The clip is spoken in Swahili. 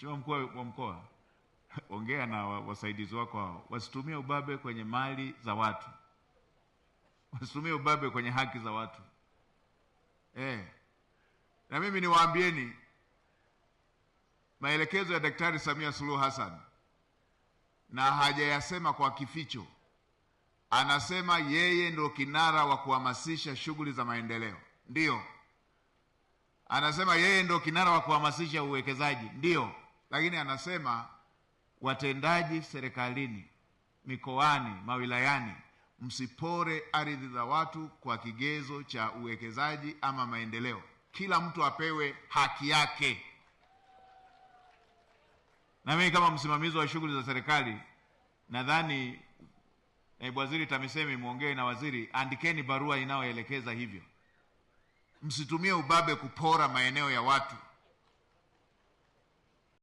Mheshimiwa mkuu wa mkoa, ongea na wasaidizi wako hao, wasitumie ubabe kwenye mali za watu, wasitumie ubabe kwenye haki za watu eh. Na mimi niwaambieni maelekezo ya Daktari Samia Suluhu Hassan, na hajayasema kwa kificho, anasema yeye ndio kinara wa kuhamasisha shughuli za maendeleo, ndio Anasema yeye ndio kinara wa kuhamasisha uwekezaji, ndio lakini anasema watendaji serikalini, mikoani, mawilayani, msipore ardhi za watu kwa kigezo cha uwekezaji ama maendeleo. Kila mtu apewe haki yake. Na mimi kama msimamizi wa shughuli za serikali, nadhani naibu waziri TAMISEMI mwongee na waziri, andikeni barua inayoelekeza hivyo. Msitumie ubabe kupora maeneo ya watu.